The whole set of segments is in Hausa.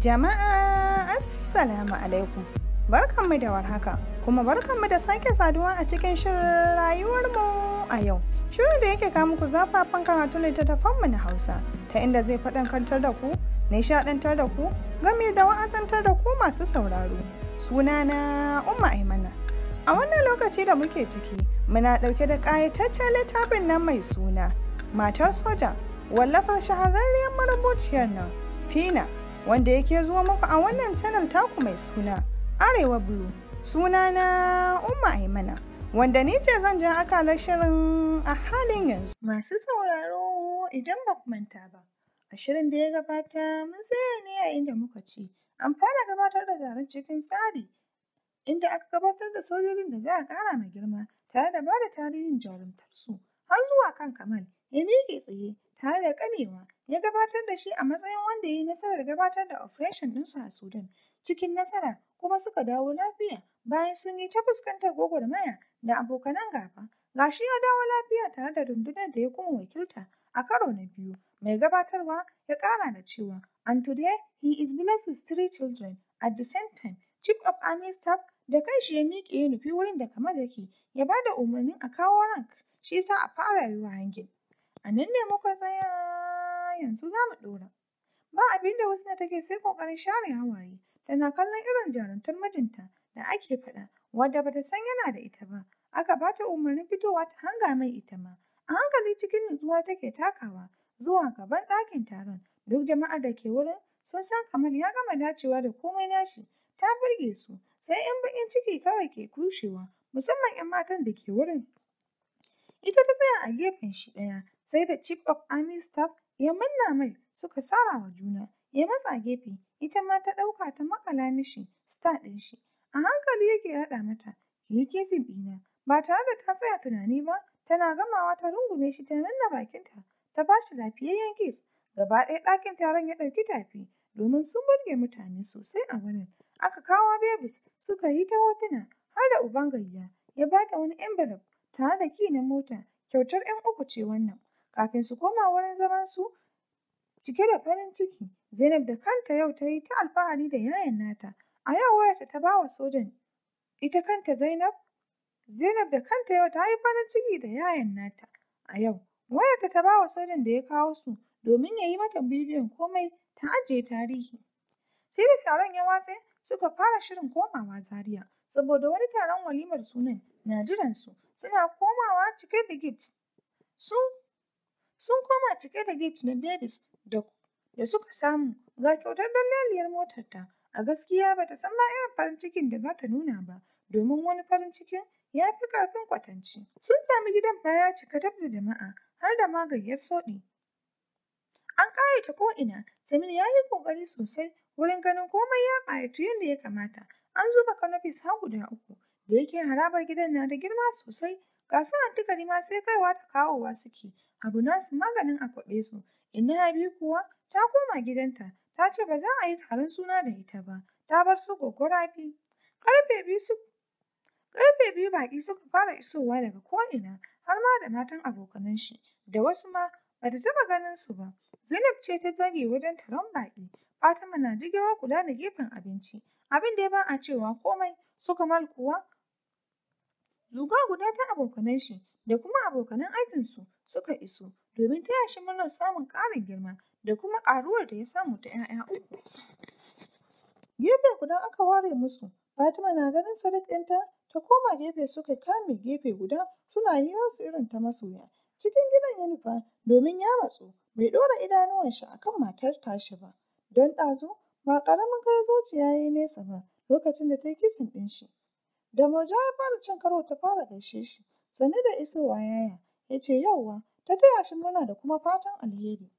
Jama'a Assalamu alaikum barkanmu da warhaka kuma barkanmu da sake saduwa a cikin shirin rayuwarmu a yau. Shirin da yake kawo muku zafafan karatu littattafanmu na Hausa ta inda zai faɗankantar da ku, nishaɗantar da ku, game da wa'azantar da ku masu sauraro. Sunana Umma Aimana. A wannan lokaci da muke ciki muna ɗauke da ƙayataccen littafin nan mai suna Matar Soja wallafar shahararriyar marubuciyar nan Fina wanda yake zuwa muku a wannan channel taku mai suna arewa bulu, suna na umma aimana wanda ni ce zan jan akalar shirin a halin yanzu masu sauraro idan ba ku manta ba a shirin da ya gabata mun tsaya ne a inda muka ce an fara gabatar da zaren cikin tsari inda aka gabatar da sojojin da za a kara mai girma tare da ba da tarihin jarumtarsu har zuwa kan kamal ya miƙe tsaye tare da ƙanewa ya gabatar da shi a matsayin wanda ya yi nasarar gabatar da operation ɗinsu a Sudan cikin nasara kuma suka dawo lafiya bayan sun yi ta fuskantar gwagwarmaya da abokanan gaba. ga shi ya dawo lafiya tare da rundunar da ya kuma wakilta a karo na biyu. Mai gabatarwa ya kara da cewa, And today he is blessed with three children at the same time. Chief of Army Staff da shi ya miƙe ya nufi wurin da kama yake ya ba da umarnin a kawo rank shi sa a fara yi wa hangin. A nan ne muka tsaya. yanzu za mu ɗora. Ba abin da Husna take sai ƙoƙarin share hawaye, tana kallon irin jarumtar mijinta da ake faɗa, wadda bata san yana da ita ba. Aka bata umarnin fitowa ta hanga mai ita ma. A hankali cikin nutsuwa take takawa zuwa gaban ɗakin taron. Duk jama'ar da ke wurin sun san kamar ya gama dacewa da komai nashi, ta burge su, sai 'yan baƙin ciki kawai ke kushewa, musamman 'yan matan da ke wurin. Ita ta tsaya a gefen shi ɗaya, sai da Chief of Army Staff ya manna mai suka sara wa juna, ya matsa gefe, ita ma ta ɗauka ta makala mishi star ɗin shi. A hankali yake raɗa mata, ki yi kesin ɗina, ba tare da ta tsaya tunani ba, tana gamawa ta rungume shi ta nanna bakinta, ta ba shi lafiyayyen kis Gaba ɗaya ɗakin taron ya ɗauki tafi, domin sun burge mutane sosai a wurin. Aka kawo bebus suka yi ta hotuna har da uban ya ba ta wani envelope tare da ki na mota kyautar 'yan uku ce wannan. kafin su koma wurin zaman su cike da farin ciki. Zainab da kanta yau ta yi ta alfahari da yayan nata. A yau wayarta ta bawa sojan ita kanta Zainab. Zainab da kanta yau ta yi farin ciki da yayan nata. A yau wayarta ta bawa sojan da ya kawo su domin ya yi mata bibiyan komai ta ajiye tarihi. Sai da taron ya watse suka fara shirin komawa Zaria saboda wani taron walimar sunan na jiran su suna komawa cike da gifts. Su Sun koma cike da gift na Babies da suka samu ga kyautar motar ta A gaskiya ba ta san ma irin farin cikin da za ta nuna ba, domin wani farin cikin ya fi ƙarfin kwatance. Sun sami gidan baya cika dab da jama'a har da maganiyar soɗi. An ƙayata ko'ina, Samir ya yi ƙoƙari sosai wurin ganin komai ya ƙayatu yadda ya kamata. An zuba kanofis har guda uku, da yake harabar gidan na da girma sosai, ga su antikari ma sai kaiwa da kawowa suke. Abu nasu maganin a akwaɓe su, inna Rabi kuwa ta koma gidanta ta ce ba za a yi taron suna da ita ba, ta bar su Goggo Rabi. Ƙarfe biyu baƙi suka fara isowa daga ko'ina har ma da matan abokanan shi da wasu ma ba ta taɓa ganin su ba. Zainab ce ta zage wajen taron baƙi. Fatima na jigilar kula da gefen abinci. Abin da ya ba a cewa komai suka Kamal kuwa. Zuga guda ta abokanan shi da kuma abokanan aikinsu suka iso domin taya shi murnar samun ƙarin girma da kuma ƙaruwar da ya samu ta ‘ya'ya uku. Gefe guda aka ware musu, Fatima na ganin sadik ɗinta ta koma gefe suka kame gefe guda suna su irin ta masoya. Cikin gidan ya nufa domin ya matsu bai ɗora idanuwan shi akan matar tashi ba. Don ɗazu ba ƙaramin kai zuciya ya yi nesa ba lokacin da ta yi kisan ɗin shi. Da murja ya fara cin karo ta fara gaishe shi, sannu da isowa yaya. ya ce yauwa ta taya shi murna da kuma fatan alheri.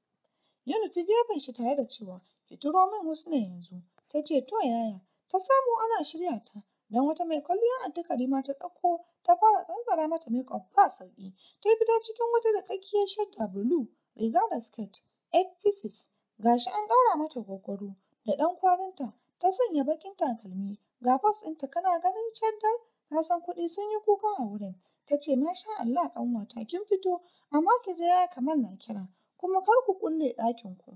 Ya nufi gefen shi tare da cewa ki turo min husna yanzu. Ta ce to yaya ta samu ana shirya ta don wata mai kwalliya attikari ma ta ɗauko ta fara tsantsara mata makeup ba sauƙi. Ta fito cikin wata da tsakiyar shadda blue riga da skirt eight pieces gashi an ɗaura mata gwaggwaro da ɗan kwarinta ta sanya baƙin takalmi ga fas ɗinta kana ganin shaddar ka san kuɗi sun yi kuka a wurin. Ta ce masha Allah ƙanwata kin fito amma ki je ya kamar na kira kuma kar ku kulle ɗakin ku.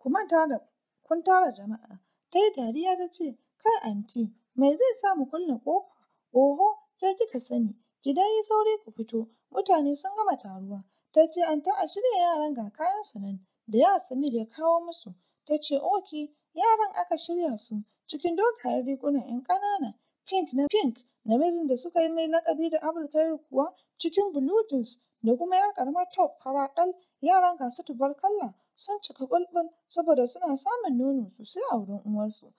Ku manta da kun tara jama'a. Ta yi dariya ta ce kai anti mai zai sa mu kulle ƙofa? Oho ke kika sani ki dai yi sauri ku fito mutane sun gama taruwa. Ta ce ta a shirya yaran ga kayan su nan da ya Samir ya kawo musu. Ta ce oke yaran aka shirya su cikin dogayen riguna 'yan ƙanana Pink na Pink, namijin da suka yi mai lakabi da Abulkhairu kuwa cikin blue jeans da kuma 'yar karamar top fara kal, yaran gasu tubarkalla sun cika bulbul saboda suna samun nono sosai a wurin uwarsu.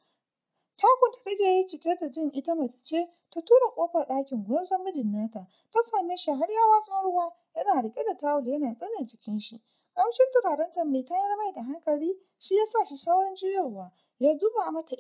Takun da take yi cike da jin ita mace ce ta tura kofar ɗakin gwarzon mijin nata ta same shi har ya watso ruwa yana rike da tawul yana tsane jikin shi. Kamshin turaren ta mai tayar mai da hankali shi ya sa shi saurin juyowa ya duba mata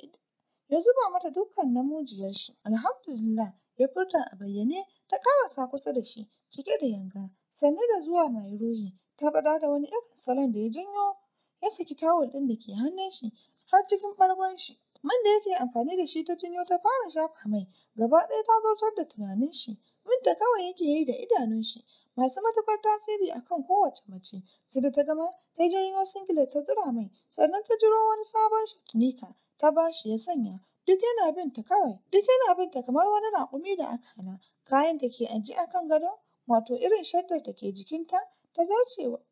ya zuba mata dukkan namujiyar shi. Alhamdulillah ya furta a bayyane ta karasa kusa da shi cike da yanga sanne da zuwa mai ruhi ta bada da wani irin salon da ya janyo ya saki tawul din da ke hannun shi har cikin ɓargon shi. Man da yake amfani da shi ta jinyo ta fara shafa mai gaba ɗaya ta zartar da tunanin shi da kawai yake yi da idanun shi masu matukar tasiri akan kowace mace sai da ta gama ta janyo singlet ta zura mai sannan ta jiro wani sabon shatunika ta ba shi ya sanya duk yana ta kawai duk yana binta kamar wani raƙumi da aka hana kayan da ke ajiye kan gado wato irin shaddar da ke jikinta ta zarce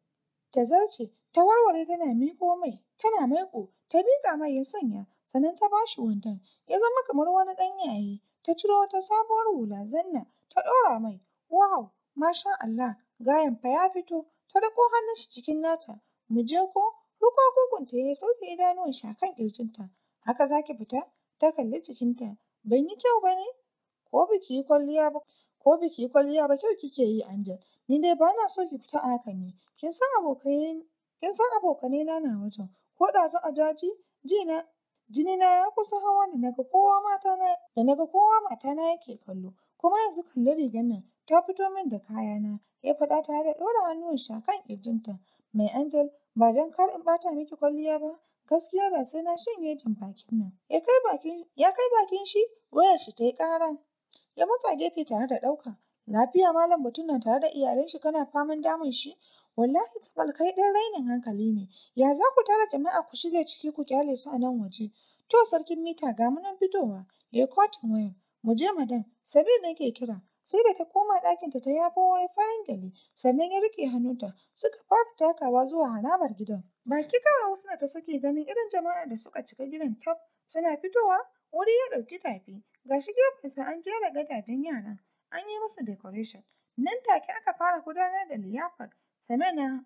ta zarce ta warware tana miƙo mai tana maiƙo ta miƙa mai ya sanya sannan ta ba shi wandon ya zama kamar wani ɗan yayi ta ciro wata sabuwar hula zanna ta ɗora mai wow masha Allah gayan fa ya fito ta riƙo hannun shi cikin nata mu je ko riko kukunta ya sauke idanuwan shi kan ƙirjinta Haka za ki fita? Ta kalli jikinta. Ban yi kyau ba ne? Ko biki yi kwalliya ba? Ko biki kwalliya ba kyau kike yi Angel. Ni dai bana so ki fita a haka ne. Kin san abokai kin san na na wajen. Ko ɗazu a jaji ji na jini na ya kusa hawa da naga kowa mata na da naga kowa mata na yake kallo. Kuma yanzu kalli rigar nan ta fito min da kaya na. Ya faɗa tare da ɗora hannun shi a kan ƙirjinta. Mai Angel ba don kar in ɓata miki kwalliya ba gaskiya da sai na shanye jan bakin nan. Ya kai bakin, shi, wayar shi ta yi ƙara. Ya matsa gefe tare da ɗauka. Lafiya malam mutum na tare da iyalan shi kana faman damun shi. Wallahi Kamal kai ɗan rainin hankali ne. Ya za ku tara jama'a ku shige ciki ku kyale su a nan waje. To sarkin mita ga mun fitowa. Ya kotun wayar. Mu je madan, Sabir nake kira. sai da ta koma ɗakinta ta yafo wani farin gyale sannan ya rike hannunta suka fara takawa zuwa harabar gidan Baki wasu na ta sake ganin irin jama'ar da suka cika gidan tab suna fitowa wuri ya ɗauki tafi Ga shi gashi su an jera gadajen yara. an yi musu decoration. Nan take aka fara gudanar da liyafar. Samina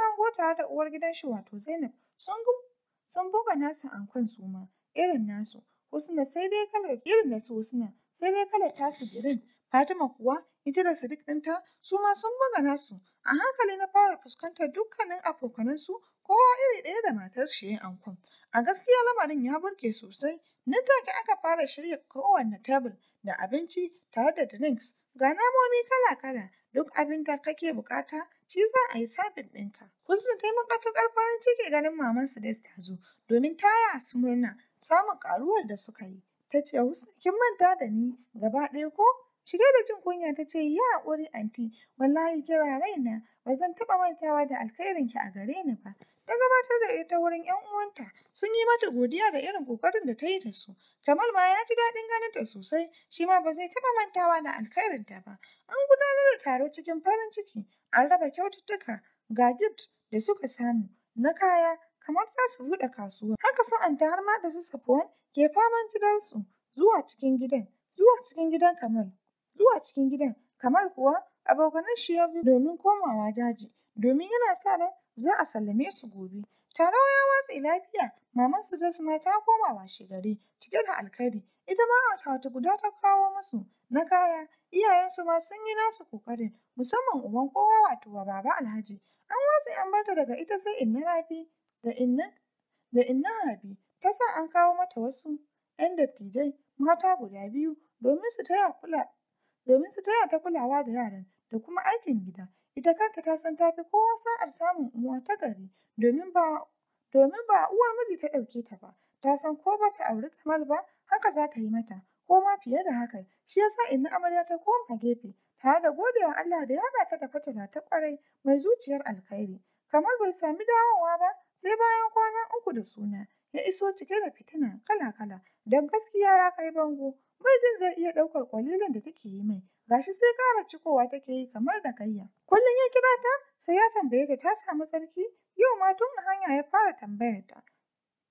hango tare da uwar gidan shi wato Zainab sun buga nasu ankon su ma irin nasu. Husna sai dai kalar irin na su wasu na, sai dai kalar tasu girin. Fatima kuwa ita da Sadiq ɗinta su ma sun buga nasu. A hankali na fara fuskantar dukkanin abokanansu kowa iri ɗaya da matar shi yin ankon. A gaskiya lamarin ya burge sosai, nan take aka fara shirya kowanne tebul da abinci tare da drinks ga namomi kala-kala duk abin da kake bukata shi za a yi sabin ɗinka. Husna ta yi matuƙar farin ciki ganin maman su da ta zo domin ta yi su murna samun ƙaruwar da suka yi. Ta ce Husna kin manta da ni gaba ɗaya ko? Shige da jin kunya ta ce ya haƙuri anti wallahi kira raina ba zan taɓa mantawa da alkhairinki a gare ni ba. ta gabatar da ita wurin 'yan uwanta sun yi mata godiya da irin kokarin da ta yi da su. Kamal ma ya ji daɗin ganin ta sosai, shi ma ba zai taɓa mantawa da alkhairinta ba. An gudanar da taro cikin farin ciki, an raba kyaututtuka ga gift da suka samu na kaya kamar za su buɗe kasuwa. Haka sun anta har ma da su Safuwan ke faman gidansu zuwa cikin gidan, zuwa cikin gidan Kamal, zuwa cikin gidan kamar kuwa abokanan shi ya bi domin komawa jaji. domin yana sa ran za a sallame su gobe. Tarau ya watse lafiya, maman su Dasma ta koma gari cike da alkhairi, ita ma a wata guda ta kawo musu na kaya, iyayensu ma sun yi nasu ƙoƙarin, musamman uban kowa wato wa baba Alhaji. An watse yan barta daga ita sai inna Rabi da inna da inna Habi, ta sa an kawo mata wasu ‘yan dattijai mata guda biyu domin su taya kula domin su taya ta kulawa da yaran da kuma aikin gida. ita kanta ta san tafi kowa sa'ar samun uwa ta gari domin ba domin ba uwar miji ta ɗauke ta ba ta san ko ba ta auri Kamal ba haka za ta yi mata ko ma fiye da haka shi yasa inna amarya ta koma gefe tare da godewa Allah da ya ta da fatala ta kwarai mai zuciyar alkhairi kamar bai sami dawowa ba sai bayan kwana uku da suna ya iso cike da fitina kala-kala don gaskiya ya kai bango bai jin zai iya ɗaukar kwalilin da take yi mai gashi sai kara cikowa take yi kamar da gayya. Kullum ya kira ta sai ya tambaye ta ta samu tsarki yau ma tun a hanya ya fara tambayar ta.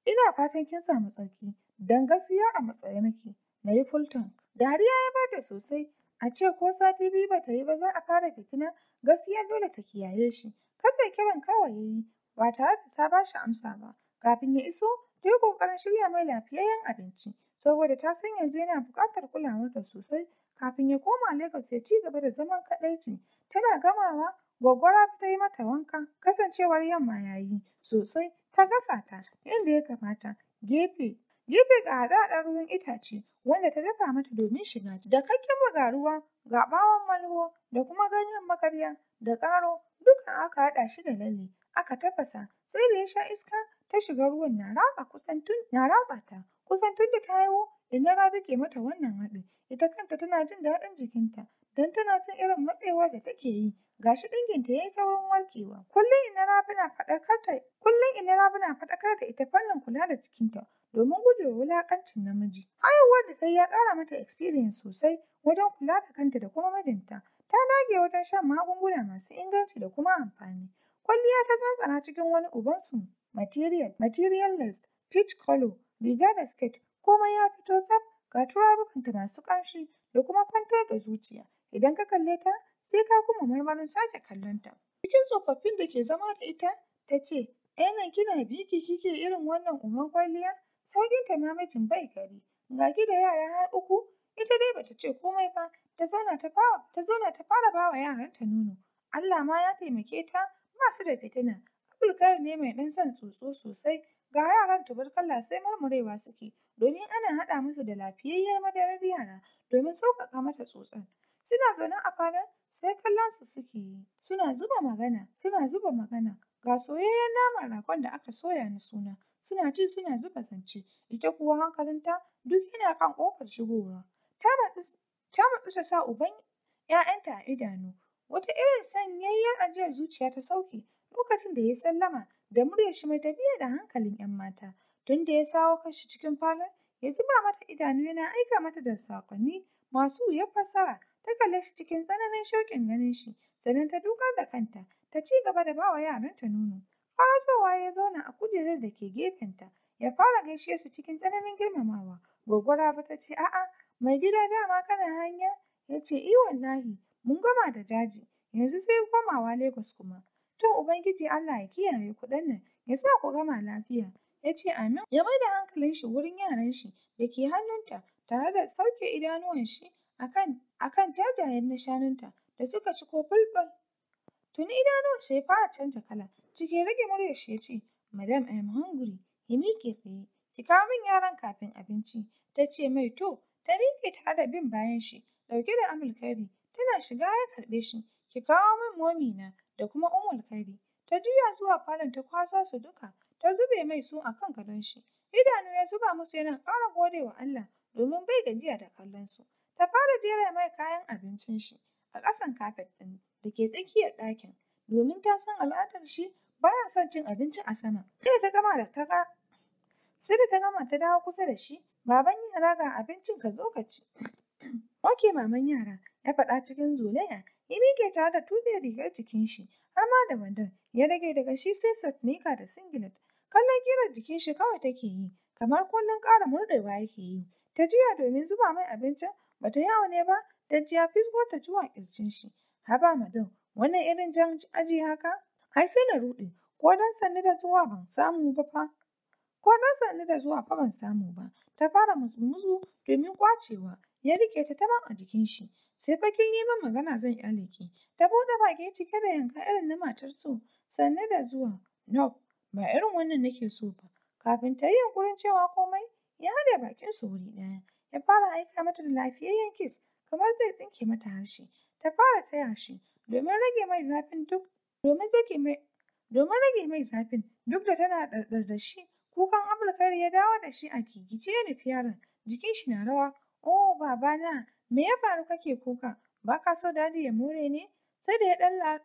Ina fatan kin samu tsarki Dan gaskiya a nake. na yi full tank. Dariya ya bata sosai a ce ko sati biyu ba ta yi ba za a fara fitina gaskiya dole ta kiyaye shi. Kasa kiran kawai ya yi ba tare da ta ba shi amsa ba. Kafin ya iso ta yi ƙoƙarin shirya mai lafiyayyen abinci saboda ta san yanzu yana buƙatar kulawar da sosai kafin ya koma Lagos ya ci gaba da zaman kadaici. Tana gamawa gogora ta yi mata wanka kasancewar yamma yayi sosai ta gasa ta inda ya kamata gefe gefe ga haɗaɗɗen ruwan itace wanda ta dafa mata domin shiga da kakken bagaruwa ga ɓawon malho da kuma ganyen makarya da ƙaro dukan aka haɗa shi da lalle aka tafasa sai da ya sha iska ta shiga ruwan na ratsa kusan tun na ratsa ta kusan tun da ta haihu inna rabi ke mata wannan haɗin ita kanta tana jin daɗin jikinta don tana cin irin matsewar da take yi gashi ɗinginta ya yi saurin warkewa kullum ina rabuna na faɗakar da kullum ina na faɗakar da ita fannin kula da cikinta domin gujewa wulaƙancin namiji haihuwar da ta yi ya ƙara mata experience sosai wajen kula da kanta da kuma mijinta ta dage wajen shan magunguna masu inganci da kuma amfani kwalliya ta tsantsana cikin wani ubansu material material peach color riga da skirt komai ya fito tsaf ga turarukanta masu ƙanshi da kuma kwantar da zuciya. Idan ka kalle ta, sai ka kuma marmarin sake kallon ta. Cikin tsofaffin da ke zama da ita, ta ce, Ena eh kina biki kike irin wannan uban kwalliya? Saukin ta mijin bai gari. Ga ki da yara har uku, ita dai bata ce komai ba, ta zauna ta fara ta zauna ta fara bawa yaranta nono. Allah ma ya taimake ta ba su da fitina. Abdulkarim ne mai ɗan son tsotso sosai, Ga yaran kalla sai murmurewa suke domin ana haɗa musu da lafiyayyar madarar yara domin sauƙaƙa mata tsotsan Suna zaune a falon sai kallon su suke yi, suna zuba magana, suna zuba magana. Ga soyayyen naman ragon da aka soya na suna, suna ci suna zuba zance, ita kuwa hankalinta duk yana kan ƙofar shigowa. Ta matsu ta sa uban ‘ya'yanta a idanu, wata irin sanyayyar ajiyar zuciya ta sauke lokacin da ya sallama da muryar shi mai tafiya da hankalin ‘yan mata. Tun da ya sawo kanshi cikin falon, ya zuba mata idanu yana aika mata da saƙonni? masu wuyar fassara. Ta kalle shi cikin tsananin shauƙin ganin shi, sannan ta dukar da kanta, ta ci gaba da bawa yaran ta nono. Farasowa ya zauna a kujerar da ke gefenta, ya fara gaishe su cikin tsananin girmamawa. Gwaggwara ba ta ce, a'a, mai gida dama kana hanya? Ya ce, i eh, wallahi, mun gama da jaji, yanzu sai komawa Lagos kuma. To Ubangiji Allah ya kiyaye kuɗin nan, ya sa ku gama lafiya. yace amin. Ya mai da hankalin shi wurin yaran shi da ke hannunta tare da sauke idanuwan shi akan akan jajayen na shanunta da suka ci ko bulbul. Tuni idanuwan shi ya fara canza kala cikin rage murya shi ya ce, Madam I am hungry, ya miƙe tsaye, ki kawo min yaran kafin abinci. Ta ce mai to, ta miƙe ta da bin bayan shi, ɗauke da amalkari tana shiga ya karɓe shi, ki kawo min momi na, da kuma Ummul Kari. Ta juya zuwa falon ta kwaso su duka, ta zube mai su a kan gadon shi. Idanu ya zuba musu yana ƙara gode wa Allah domin bai gajiya da kallon su. Ta fara jera mai kayan abincin shi a ƙasan kafet ɗin da ke tsakiyar ɗakin domin ta san al'adar shi ya son cin abinci a sama. Sai ta gama da ta sai da ta gama ta dawo kusa da shi baban yara ga abincin ka zo ka ci. Oke maman yara ya faɗa cikin zolaya ya miƙe tare da tuɓe rigar jikin shi har ma da wandon ya rage daga shi sai sotnika da singlet kallon ƙirar jikin shi kawai take yi kamar kullum ƙara murɗewa yake yi ta juya domin zuba mai abincin bata yawo ne ba ta jiya fisgo ta juwa ƙirjin shi haba madam wannan irin jan aji haka ai sai na ruɗe ko dan sanni da zuwa ban samu ba fa ko dan sanni da zuwa fa ban samu ba ta fara mutsu domin kwacewa ya rike ta taman a jikin shi sai fakin yi min magana zan kyale ki. Ta buɗe baki cike da yanka irin na matar su, sanne da zuwa. No, ba irin wannan nake so ba. Kafin ta yi yunkurin cewa komai, ya haɗe bakin su wuri ɗaya. Ya fara aika mata da lafiyayyen kiss, kamar zai tsinke mata harshe. Ta fara taya shi, domin rage mai zafin duk, domin mai domin rage mai zafin duk da tana ɗarɗar da shi kukan abulkari ya dawo da shi a gigice ya nufi yaron jikin shi na rawa oh babana me ya faru kake kuka, ba ka so dadi ya more ne? Sai da ya ɗan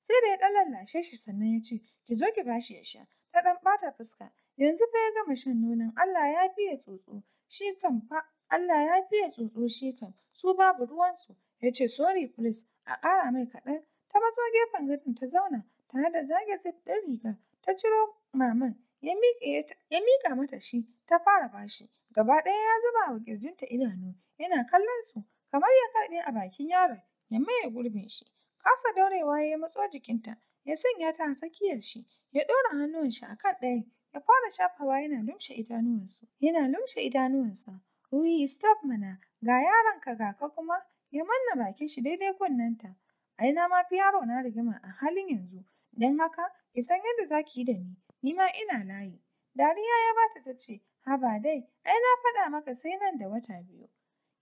sai da ya lallashe shi sannan ya ce, ki zo ki bashi ya sha, ta ɗan bata fuska, yanzu fa ya gama shan nonon Allah ya fiye tsotso, shi kan fa Allah ya fiye tsotso shi kan, su babu ruwansu, ya ce sorry please, a ƙara mai kaɗan, ta matso gefen gadon ta zauna, tare da zage sai ɗin rigar, ta ciro maman, ya miƙa mata shi, ta fara bashi, gaba ɗaya ya zuba wa ƙirjinta idanu, yana kallon su kamar ya karɓe a bakin yaron ya maye gurbin shi. Kasa daurewa ya matso jikinta ya sanya ta a tsakiyar shi ya ɗora hannuwan shi akan ɗayan ya fara shafawa yana lumshe idanuwansu yana lumshe idanuwansa. Ruhi stop mana ga yaronka ga ka kuma ya manna bakin shi daidai kunnenta. Ai na ma fi yaro na rigima a halin yanzu don haka ki san yadda za ki yi da ni ni ma ina layi. Dariya ya bata ta ce haba dai ai na faɗa maka sai nan da wata biyu.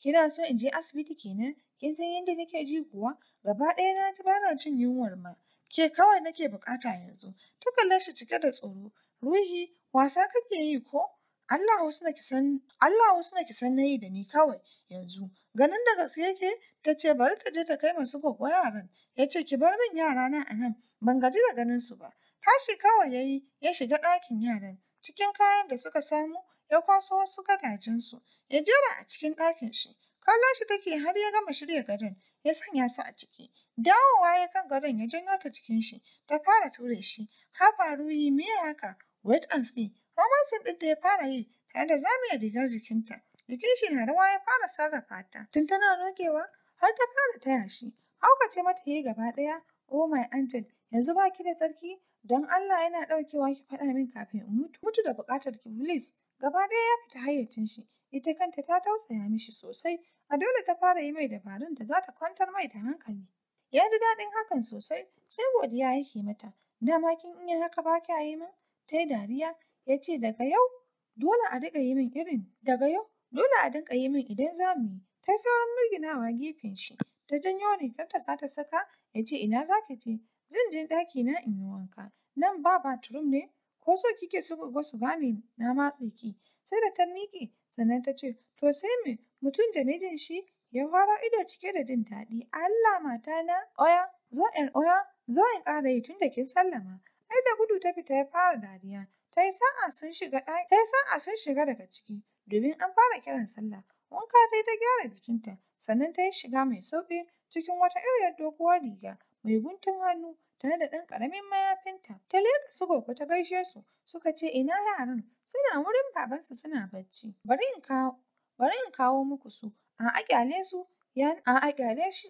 kina so in je asibiti kenan? Kin san yadda nake ji kuwa? Gaba ɗaya na ji bana cin yunwar ma. Ke kawai nake bukata yanzu. Ta kalle shi cike da tsoro. Ruhi, wasa kake yi ko? Allah wasu na kisan Allah wasu na kisan na yi da ni kawai yanzu. Ganin da gaske yake ta ce bari ta je ta kai masu gwagwa yaran. Ya ce ki bar min yara na a nan ban gaji da ganin su ba. Tashi kawai ya yi ya shiga ɗakin yaran. Cikin kayan da suka samu ya kwaso wasu gadajensu ya jera a cikin ɗakin shi. Kallon shi take har ya gama shirya garin ya sanya su a ciki. Dawowa ya kan garin ya janyo ta cikin shi ta fara ture shi. faru yi, me haka? Wet and see. Romansin ɗin da ya fara yi tare da ya rigar jikinta. Jikin shi na rawa ya fara sarrafa ta. Tun tana rogewa har ta fara taya shi. Hauka ce mata yi gaba ɗaya. Oh my angel, yanzu baki ki da tsarki don allah ina ɗaukewa ki faɗa min kafin in mutu. Mutu da buƙatar ki please. Gaba ɗaya ya fita hayyacin shi, ita kanta ta tausaya mishi sosai, a dole ta fara yi mai dabarun da za ta kwantar mai da hankali. Ya ji daɗin hakan sosai, sai godiya yake mata. Dama kin iya haka ba kya yi min? Ta yi dariya, ya ce daga yau dole a riƙa yi min irin, daga yau dole a dinga yi min idan za mu yi. Ta yi saurin mirginawa gefen shi, ta janyo rigar ta za ta saka, ya ce ina za ki je? zan je na in yi wanka. Nan ba bathroom ne? Ko so kike su ga su gane na matse ki? Sai da ta miƙe sannan ta ce, to sai me mutum da mijin shi ya fara ido cike da jin daɗi. Allah mata na oya zo in oya zo in ƙara yi tun da kin sallama. Ai da gudu ta fita ya fara dariya. Ta yi sa'a sun shiga ta yi sa'a sun shiga daga ciki domin an fara kiran sallah. Wanka ta yi ta gyara jikinta sannan ta yi shiga mai sauƙi cikin wata iriyar doguwar riga mai guntun hannu tare da ɗan ƙaramin mayafinta. Ta leƙa su gobe ta gaishe su suka ce ina yaran suna wurin babansu suna bacci. Bari in kawo muku su a ƙyale su ya a ƙyale shi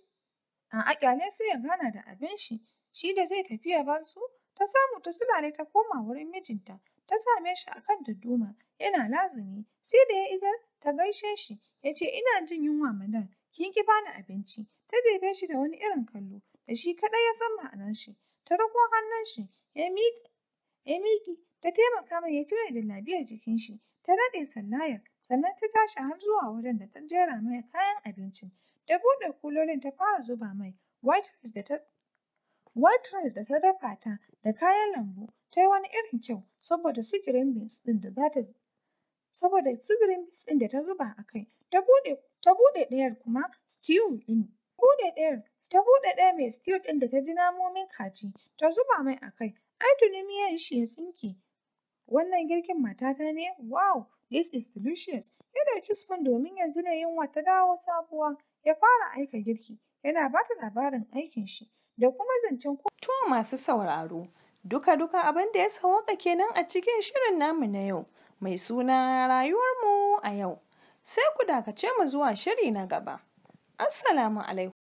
a ƙyale su ya gana da abin shi shi da zai tafi ya bar su ta samu ta sulale ta koma wurin mijinta ta same shi a kan dadduma. yana lazumi sai da ya idar ta gaishe shi ya ce ina jin yunwa madam kin ki bani abinci ta debe shi da wani irin kallo da shi kaɗai ya san ma'anar shi. Ta riko hannun shi, ya miƙe, ta taimaka mai ya cire da labiyar jikin shi, ta daɗe sallayar, sannan ta tashi har zuwa wajen da ta jera mai kayan abincin. Ta buɗe kulolin ta fara zuba mai white rice da ta dafa ta da kayan lambu ta yi wani irin kyau saboda su beans ɗin da za ta saboda su beans ɗin da ta zuba a kai. Ta buɗe ta buɗe ɗayar kuma stew ɗin buɗe ɗayan, ta buɗe ɗaya mai stew ɗin da ta ji namomin kaji, ta zuba mai a kai. Ai tuni miyan shi ya tsinke. Wannan girkin matata ne? Wow! This is delicious! Ya ɗauki spoon domin yanzu ne yunwa ta dawo sabuwa. Ya fara aika girki, yana ba ta labarin aikin shi da kuma zancen ko. To masu sauraro, duka-duka abin da ya sawaka kenan a cikin shirin namu na yau, mai suna rayuwarmu a yau. Sai ku dakace mu zuwa shiri na gaba. Assalamu alaikum.